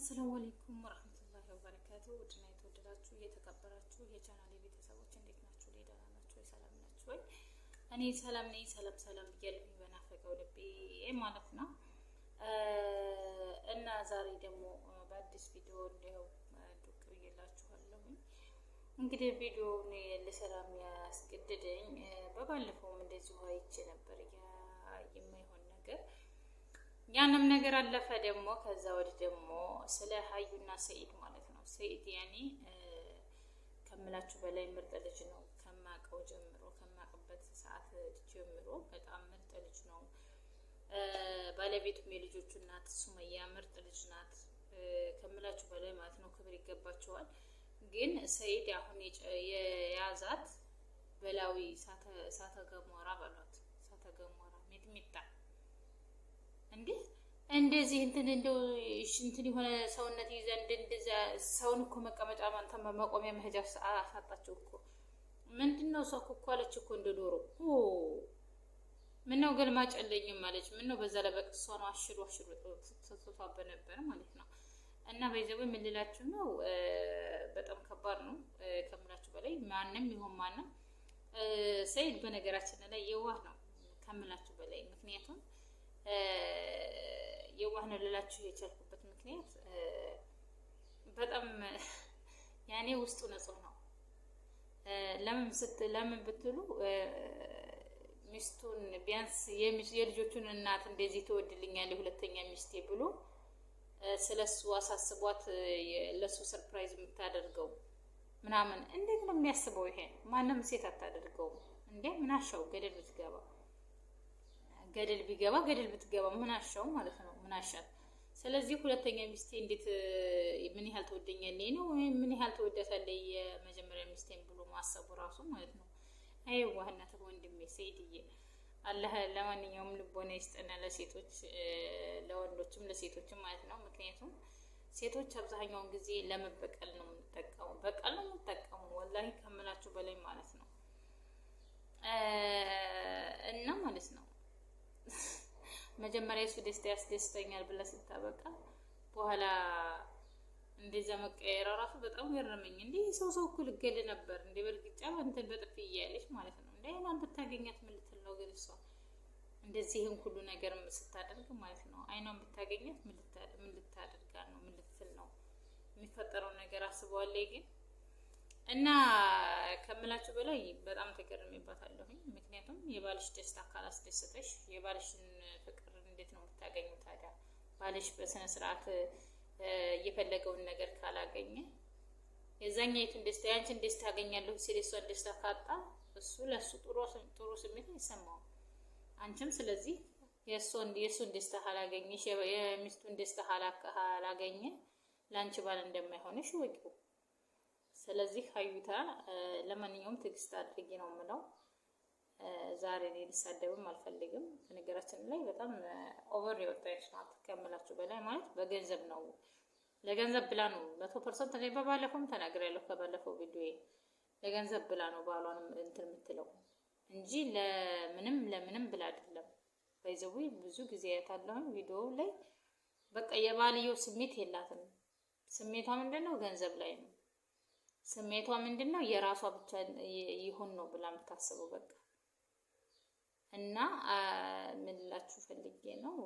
አሰላሙ አለይኩም ወራህመቱላሂ ወበረካቱ። ውድና የተወደዳችሁ እየተከበራችሁ የቻናል ቤተሰቦች እንዴት ናችሁ? ደህና ናችሁ ወይ? ሰላም ናችሁ ወይ? እኔ ሰላም ነኝ። ሰላም ሰላም ብያለሁ በናፈቀው ልቤ ማለት ነው። እና ዛሬ ደግሞ በአዲስ ቪዲዮ እንዲያው ዱቅ ብዬላችኋለሁ። እንግዲህ ቪዲዮውን ልሰራ የሚያስገድደኝ በባለፈውም እንደዚሁ ያንም ነገር አለፈ። ደግሞ ከዛ ወዲህ ደግሞ ስለ ሀዩና ሰኢድ ማለት ነው። ሰኢድ ያኔ ከምላችሁ በላይ ምርጥ ልጅ ነው። ከማቀው ጀምሮ ከማቅበት ሰዓት ጀምሮ በጣም ምርጥ ልጅ ነው። ባለቤቱም የልጆቹ እናት ሱመያ ምርጥ ልጅ ናት። ከምላችሁ በላይ ማለት ነው። ክብር ይገባቸዋል። ግን ሰኢድ አሁን የያዛት በላዊ እሳተ ገሞራ በሏት፣ ሳተ ገሞራ ሚጥሚጣ እንዴ እንደዚህ እንትን እንደው እንትን የሆነ ሰውነት ይዘ እንደዛ ሰውን እኮ መቀመጫ መቆሚያ መሄጃ አሳጣቸው እኮ። ምንድነው ሰው እኮ አለች እኮ እንደ ዶሮ ምነው ገልማጭ የለኝም ማለች። ምነው በዛ ላይ በቅሷ ነው አሽሎ አሽሎ ተሰጥቷት ነበር ማለት ነው። እና በይዘው የምልላችሁ ነው በጣም ከባድ ነው ከምላችሁ በላይ ማንም ይሆን ማንም ሰይድ በነገራችን ላይ የዋህ ነው ከምላችሁ በላይ ምክንያቱም የዋህ ነው ልላችሁ የቻልኩበት ምክንያት በጣም ያኔ ውስጡ ንጹህ ነው። ለምን ስት ለምን ብትሉ ሚስቱን ቢያንስ የልጆቹን እናት እንደዚህ ትወድልኛል የሁለተኛ ሚስቴ ብሎ ስለ እሱ አሳስቧት ለእሱ ሰርፕራይዝ የምታደርገው ምናምን እንዴት ነው የሚያስበው? ይሄ ማንም ሴት አታደርገውም እንዴ! ምናሻው ገደል ልትገባ ገደል ቢገባ ገደል ብትገባ ምናሻው ማለት ነው፣ ምናሻት። ስለዚህ ሁለተኛ ሚስቴ እንዴት ምን ያህል ተወደኛለች ነው ወይም ምን ያህል ተወዳታለች የመጀመሪያ ሚስቴን ብሎ ማሰቡ ራሱ ማለት ነው። አይዋህነት ወንድሜ ሰይድዬ አላህ ለማንኛውም ልቦና ይስጠና ለሴቶች ለወንዶችም ለሴቶችም ማለት ነው። ምክንያቱም ሴቶች አብዛኛውን ጊዜ ለመበቀል ነው የምንጠቀሙ፣ በቀል ነው የምንጠቀሙ ወላሂ ከምላችሁ በላይ ማለት ነው እና ማለት ነው መጀመሪያ የሱ ደስታ ያስደስተኛል ብላ ስታበቃ በኋላ እንደዛ መቀየር ራሱ በጣም ገረመኝ። እንዲ ሰው ሰው እኩል ገል ነበር እንደ በእርግጫ እንትን በጥፊ እያለች ማለት ነው። እንደ አይኗን ብታገኛት ምን ነው? ግን እሷ እንደዚህም ሁሉ ነገር ስታደርግ ማለት ነው አይኗን ብታገኛት ምን ነው? ምን ልትል ነው? የሚፈጠረው ነገር አስበዋለይ ግን እና ከምላችሁ በላይ በጣም ተገርሜባታለሁ። ምክንያቱም የባልሽ ደስታ ካላስደሰተሽ የባልሽን ፍቅር እንዴት ነው የምታገኙ ታዲያ? ባልሽ በስነ ስርዓት የፈለገውን ነገር ካላገኘ የዛኛይቱን ደስታ ያንቺን ደስታ አገኛለሁ ሲል የሷን ደስታ ካጣ እሱ ለእሱ ጥሩ ስሜት አይሰማውም። አንቺም ስለዚህ የእሱን ደስታ ካላገኘሽ የሚስቱን ደስታ ካላገኘ ለአንቺ ባል እንደማይሆንሽ ወቂው ስለዚህ ሀዩታ ለማንኛውም ትዕግስት አድርጌ ነው የምለው። ዛሬ እኔ ልሳደብም አልፈልግም። በነገራችን ላይ በጣም ኦቨር የወጣች ናት ከምላችሁ በላይ ማለት በገንዘብ ነው ለገንዘብ ብላ ነው መቶ ፐርሰንት። እኔ በባለፈውም ተናግሬያለሁ ከባለፈው ቪዲዮ ለገንዘብ ብላ ነው ባሏንም እንትን የምትለው እንጂ ለምንም ለምንም ብላ አይደለም። ባይዘዊ ብዙ ጊዜ ያታለሁኝ ቪዲዮው ላይ በቃ የባልየው ስሜት የላትም። ስሜቷ ምንድን ነው? ገንዘብ ላይ ነው። ስሜቷ ምንድን ነው? የራሷ ብቻ ይሁን ነው ብላ የምታስበው በቃ። እና ምን ፈልጌ ነው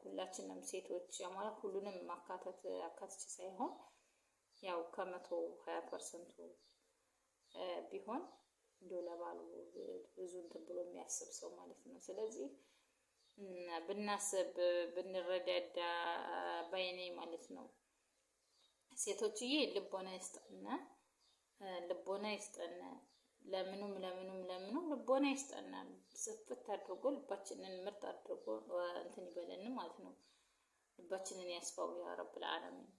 ሁላችንም ሴቶች ማለት ሁሉንም ማካተት አካትች ሳይሆን ያው ከመቶ ሀያ ፐርሰንቱ ቢሆን እንዲ ለባሉ ብዙ እንትን ብሎ የሚያስብ ሰው ማለት ነው። ስለዚህ ብናስብ ብንረዳዳ ባይኔ ማለት ነው። ሴቶችዬ ልቦና ይስጠና። ልቦና ይስጠን። ለምኑም ለምኑም ለምኑም ልቦና ይስጠን። ስፍት አድርጎ ልባችንን ምርጥ አድርጎ እንትን ይበለን ማለት ነው። ልባችንን ያስፋው ያ ረብል ዓለሚን።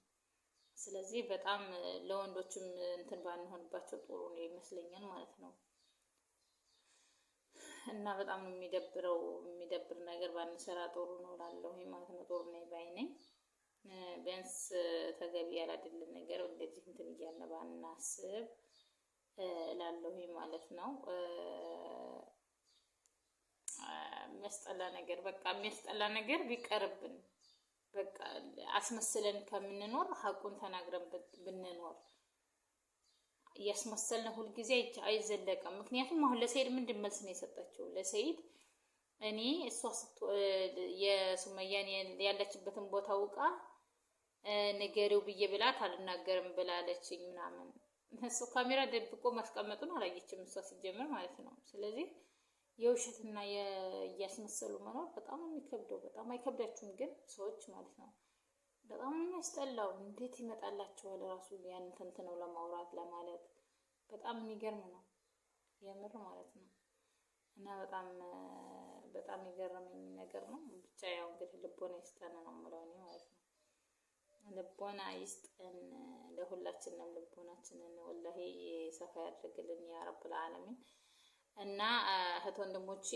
ስለዚህ በጣም ለወንዶችም እንትን ባንሆንባቸው ጥሩ ይመስለኛል ማለት ነው። እና በጣም የሚደብረው። የሚደብር ነገር ባንሰራ ጥሩ ነው እላለሁ ማለት ነው። ጥሩ ነው። ቢያንስ ተገቢ ያላደለን ነገር እንደዚህ እንትን እያለ ባናስብ ላለሁኝ ማለት ነው። የሚያስጠላ ነገር በቃ የሚያስጠላ ነገር ቢቀርብን በቃ አስመስለን ከምንኖር ሀቁን ተናግረን ብንኖር እያስመሰልን ሁልጊዜ አይዘለቀም። ምክንያቱም አሁን ለሰይድ ምንድን መልስ ነው የሰጠችው? ለሰይድ እኔ እሷ የሱመያን ያለችበትን ቦታ አውቃ ንገሪው ብዬ ብላት አልናገርም ብላለችኝ ምናምን እሱ ካሜራ ደብቆ ማስቀመጡን አላየችም እሷ ሲጀምር ማለት ነው። ስለዚህ የውሸትና እያስመሰሉ መኖር በጣም የሚከብደው በጣም አይከብዳችሁም? ግን ሰዎች ማለት ነው በጣም የሚያስጠላው እንዴት ይመጣላቸዋል ራሱ ያን ተንትነው ለማውራት ለማለት በጣም የሚገርም ነው የምር ማለት ነው። እና በጣም በጣም የገረመኝ ነገር ነው። ብቻ ያው እንግዲህ ልቦና ይስጠን ነው የምለው እኔ ማለት ነው። ልቦና ይስጠን። ለሁላችንም ልቦናችንን ወላሂ ሰፋ ያድርግልን ያ ረብል ዓለሚን። እና እህት ወንድሞቼ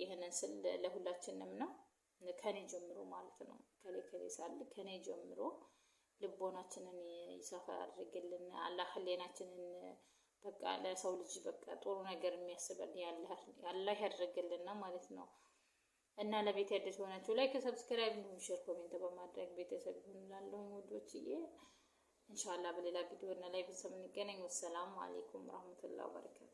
ይህንን ስል ለሁላችንም ነው፣ ከኔ ጀምሮ ማለት ነው። ከሌ ከሌ ሳል ከኔ ጀምሮ ልቦናችንን ይሰፋ ያድርግልን። አላህ ህሌናችንን በቃ ለሰው ልጅ በቃ ጥሩ ነገር የሚያስበን ያላህ ያድርግልን ማለት ነው። እና ለቤት አዲስ ሆናችሁ ላይክ፣ ሰብስክራይብ እንዲሁም ሼር፣ ኮሜንት በማድረግ ቤተሰብ ይሆንላለሁ። ወዶችዬ ኢንሻአላህ በሌላ ቪዲዮ እና ላይ ቤተሰብ እንገናኝ። ወሰላሙ አሌይኩም ረህመቱላህ በረካቱ